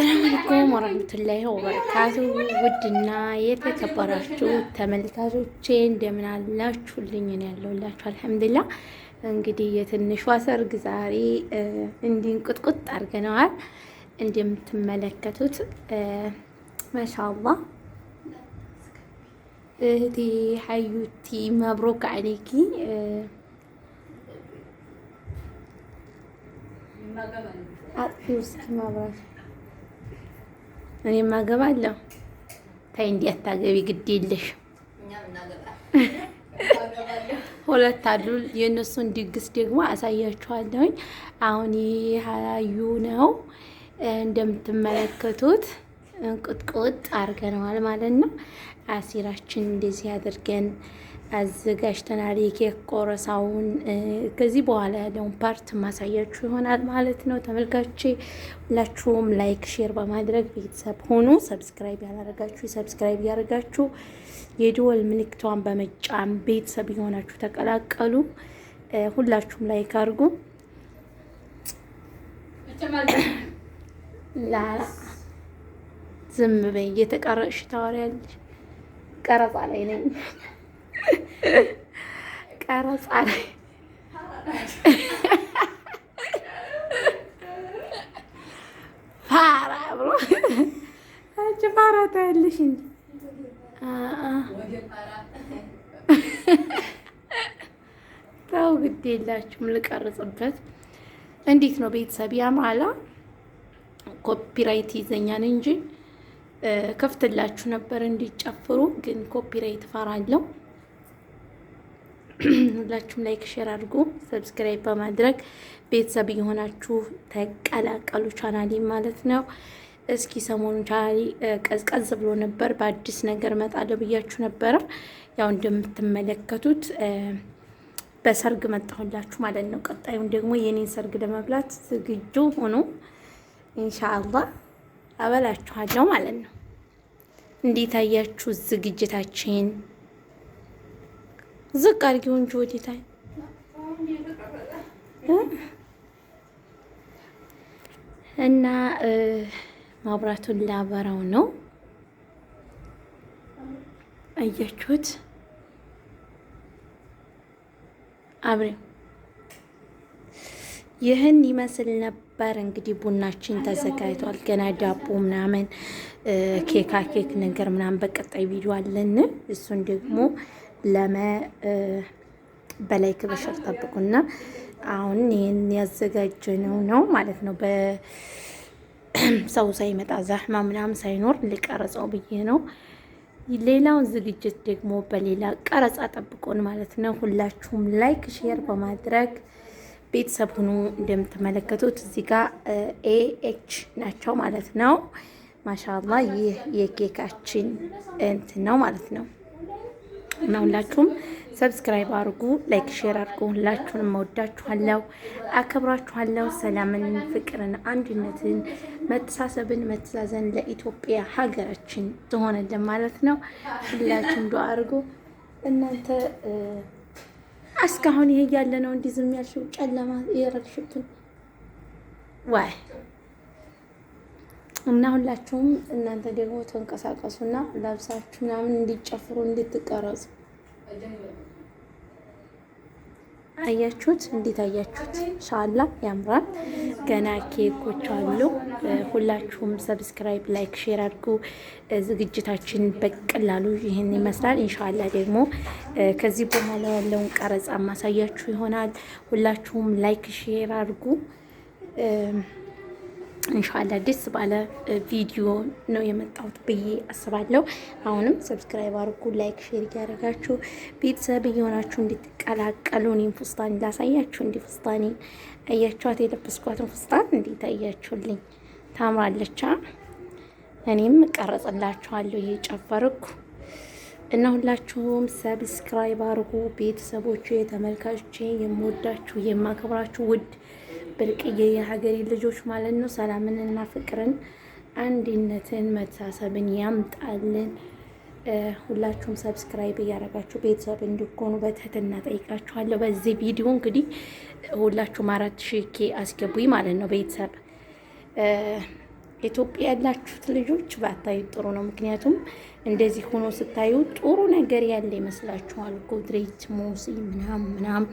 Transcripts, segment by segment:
አሰላም አለይኩም ወራህመቱላሂ ወበረካቱ። ውድና የተከበራችሁ ተመልካቾቼ እንደምን አላችሁልኝ? እኔ ያለሁላችሁ አልሐምዱሊላህ። እንግዲህ የትንሿ ሰርግ ዛሬ እንዲንቁጥቁጥ አድርገነዋል። እንደምትመለከቱት ማሻአላህ እህቴ ሀዩቲ መብሮክ አለይኪ አጥፊው እስኪ ማብራት እኔም አገባለሁ። ታይ እንዲህ አታገቢ ግድ የለሽ ሁለት አሉ። የእነሱን ድግስ ደግሞ አሳያችኋለሁኝ። አሁን ይህ ሀዩ ነው እንደምትመለከቱት ቁጥቁጥ አድርገነዋል ማለት ነው። አሲራችን እንደዚህ አድርገን አዘጋጅተናል። የኬክ ቆረሳውን ከዚህ በኋላ ያለውን ፓርት ማሳያችሁ ይሆናል ማለት ነው። ተመልካቼ ሁላችሁም ላይክ፣ ሼር በማድረግ ቤተሰብ ሆኑ። ሰብስክራይብ ያላረጋችሁ ሰብስክራይብ ያደርጋችሁ፣ የድወል ምልክቷን በመጫን ቤተሰብ የሆናችሁ ተቀላቀሉ። ሁላችሁም ላይክ አድርጉ። ዝም በይ እየተቀረጥሽ ታወሪያለሽ። ቀረጻ ላይ ነኝ፣ ቀረጻ ላይ ፋራ ብሎ አንቺ ፋራ ታያለሽ እንጂ ተው፣ ግድ የላችሁም። ልቀርጽበት እንዴት ነው ቤተሰብ ያማላ ኮፒራይት ይዘኛል እንጂ ከፍትላችሁ ነበር እንዲጨፍሩ፣ ግን ኮፒራይት ፈራለሁ። ሁላችሁም ላይክ፣ ሼር አድርጉ፣ ሰብስክራይብ በማድረግ ቤተሰብ የሆናችሁ ተቀላቀሉ ቻናሊ ማለት ነው። እስኪ ሰሞኑን ቻናሊ ቀዝቀዝ ብሎ ነበር። በአዲስ ነገር እመጣለሁ ብያችሁ ነበረ። ያው እንደምትመለከቱት በሰርግ መጣሁላችሁ ማለት ነው። ቀጣዩን ደግሞ የኔን ሰርግ ለመብላት ዝግጁ ሆኖ ኢንሻአላህ አበላችኋለሁ ማለት ነው። እንዴት አያችሁ ዝግጅታችን? ዝቅ አድርጊው እንጂ ወዴታ እና ማብራቱን ላበራው ነው። አያችሁት? አብሬው ይህን ይመስል ነበር እንግዲህ ቡናችን ተዘጋጅቷል። ገና ዳቦ ምናምን ኬካ ኬክ ነገር ምናምን በቀጣይ ቪዲዮ አለን። እሱን ደግሞ ለመ በላይክ በሸር ጠብቁና አሁን ይህን ያዘጋጀነው ነው ማለት ነው። በሰው ሳይመጣ ዛህማ ምናምን ሳይኖር ልቀረጸው ብዬ ነው። ሌላውን ዝግጅት ደግሞ በሌላ ቀረጻ ጠብቆን ማለት ነው። ሁላችሁም ላይክ ሼር በማድረግ ቤተሰብ ሁኑ። እንደምትመለከቱት እዚህ ጋር ኤኤች ናቸው ማለት ነው። ማሻላ ይህ የኬካችን እንትን ነው ማለት ነው። እና ሁላችሁም ሰብስክራይብ አድርጉ፣ ላይክ ሼር አድርጉ። ሁላችሁንም እወዳችኋለሁ፣ አከብራችኋለሁ። ሰላምን፣ ፍቅርን፣ አንድነትን፣ መተሳሰብን፣ መተዛዘን ለኢትዮጵያ ሀገራችን ትሆነልን ማለት ነው። ሁላችሁም ዱአ አድርጉ። እናንተ እስካሁን ይሄ ያለ ነው እንዲህ ዝም ያልሽው ጨለማ የረግሽብትን ዋይ እና ሁላችሁም እናንተ ደግሞ ተንቀሳቀሱና ለብሳችሁ ምናምን እንዲጨፍሩ እንድትቀረጹ። አያችሁት? እንዴት አያችሁት? ኢንሻአላህ ያምራል። ገና ኬኮች አሉ። ሁላችሁም ሰብስክራይብ፣ ላይክ፣ ሼር አድርጉ። ዝግጅታችን በቀላሉ ይህን ይመስላል። ኢንሻአላህ ደግሞ ከዚህ በኋላ ያለውን ቀረጻ ማሳያችሁ ይሆናል። ሁላችሁም ላይክ፣ ሼር አድርጉ። እንሻላ ደስ ባለ ቪዲዮ ነው የመጣሁት ብዬ አስባለሁ። አሁንም ሰብስክራይብ አድርጉ፣ ላይክ፣ ሼር እያደረጋችሁ ቤተሰብ እየሆናችሁ እንድትቀላቀሉ እኔም ፍስታን ላሳያችሁ። እንዲህ ፍስታኔ እያቸዋት የለበስኳትን ፍስታን እንዴት አያችሁልኝ? ታምራለቻ። እኔም እቀረጽላችኋለሁ እየጨፈርኩ እና ሁላችሁም ሰብስክራይብ አድርጉ ቤተሰቦቼ፣ ተመልካቾቼ፣ የምወዳችሁ የማከብራችሁ ውድ ብርቅዬ የሀገሬ ልጆች ማለት ነው። ሰላምንና ፍቅርን አንድነትን መተሳሰብን ያምጣልን። ሁላችሁም ሰብስክራይብ እያደረጋችሁ ቤተሰብ እንዲኮኑ በትህትና ጠይቃችኋለሁ። በዚህ ቪዲዮ እንግዲህ ሁላችሁም አራት ሺኬ ኬ አስገቡኝ ማለት ነው ቤተሰብ ኢትዮጵያ ያላችሁት ልጆች ባታዩ ጥሩ ነው። ምክንያቱም እንደዚህ ሆኖ ስታዩ ጥሩ ነገር ያለ ይመስላችኋል። ጎድሬት ሞሲ ምናም ምናም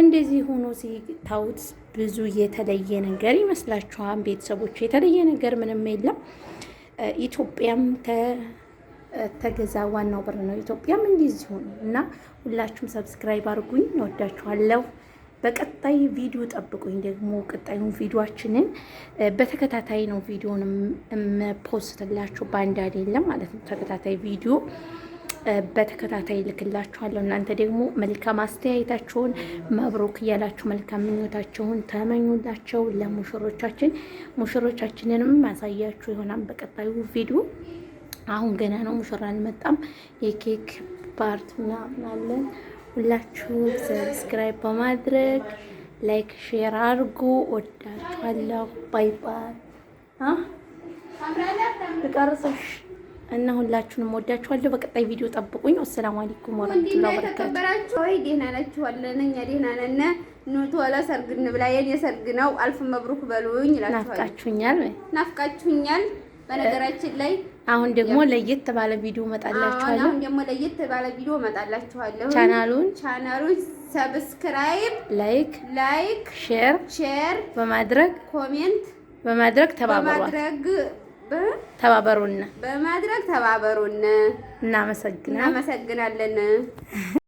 እንደዚህ ሆኖ ሲታዩት ብዙ የተለየ ነገር ይመስላችኋል። ቤተሰቦች የተለየ ነገር ምንም የለም። ኢትዮጵያም ተገዛ ዋናው ብር ነው። ኢትዮጵያም እንደዚሁ ነው እና ሁላችሁም ሰብስክራይብ አድርጉኝ። እወዳችኋለሁ። በቀጣይ ቪዲዮ ጠብቁኝ። ደግሞ ቀጣዩን ቪዲዮችንን በተከታታይ ነው ቪዲዮን የምፖስትላችሁ በአንድ አይደለም ማለት ነው። ተከታታይ ቪዲዮ በተከታታይ ልክላችኋለሁ። እናንተ ደግሞ መልካም አስተያየታቸውን መብሮክ እያላችሁ መልካም ምኞታቸውን ተመኙላቸው ለሙሽሮቻችን። ሙሽሮቻችንንም ማሳያችሁ ይሆናል በቀጣዩ ቪዲዮ። አሁን ገና ነው ሙሽራ አልመጣም። የኬክ ፓርት ምናምን አለን። ሁላችሁም ሰብስክራይብ በማድረግ ላይክ ሼር አድርጉ። ወዳችኋለሁ። ባይ ባይ። ልቀርጽሽ እና ሁላችሁንም ወዳችኋለሁ። በቀጣይ ቪዲዮ ጠብቁኝ። አሰላሙ አለይኩም ወራህመቱላሂ ወበረካቱ። ወይ ደህና ናችኋለን? እኛ ደህና ነን። ኑ ቶሎ ሰርግ እንብላ። የኔ ሰርግ ነው። አልፍ መብሩክ በሉኝ ናፍቃችሁኛል፣ ናፍቃችሁኛል በነገራችን ላይ አሁን ደግሞ ለየት ባለ ቪዲዮ መጣላችኋለሁ። አሁን ደግሞ ለየት ባለ ቪዲዮ መጣላችኋለሁ። ቻናሉን ቻናሉን ሰብስክራይብ፣ ላይክ ላይክ፣ ሼር ሼር በማድረግ ኮሜንት በማድረግ ተባበሩን በማድረግ ተባበሩን። እናመሰግናለን።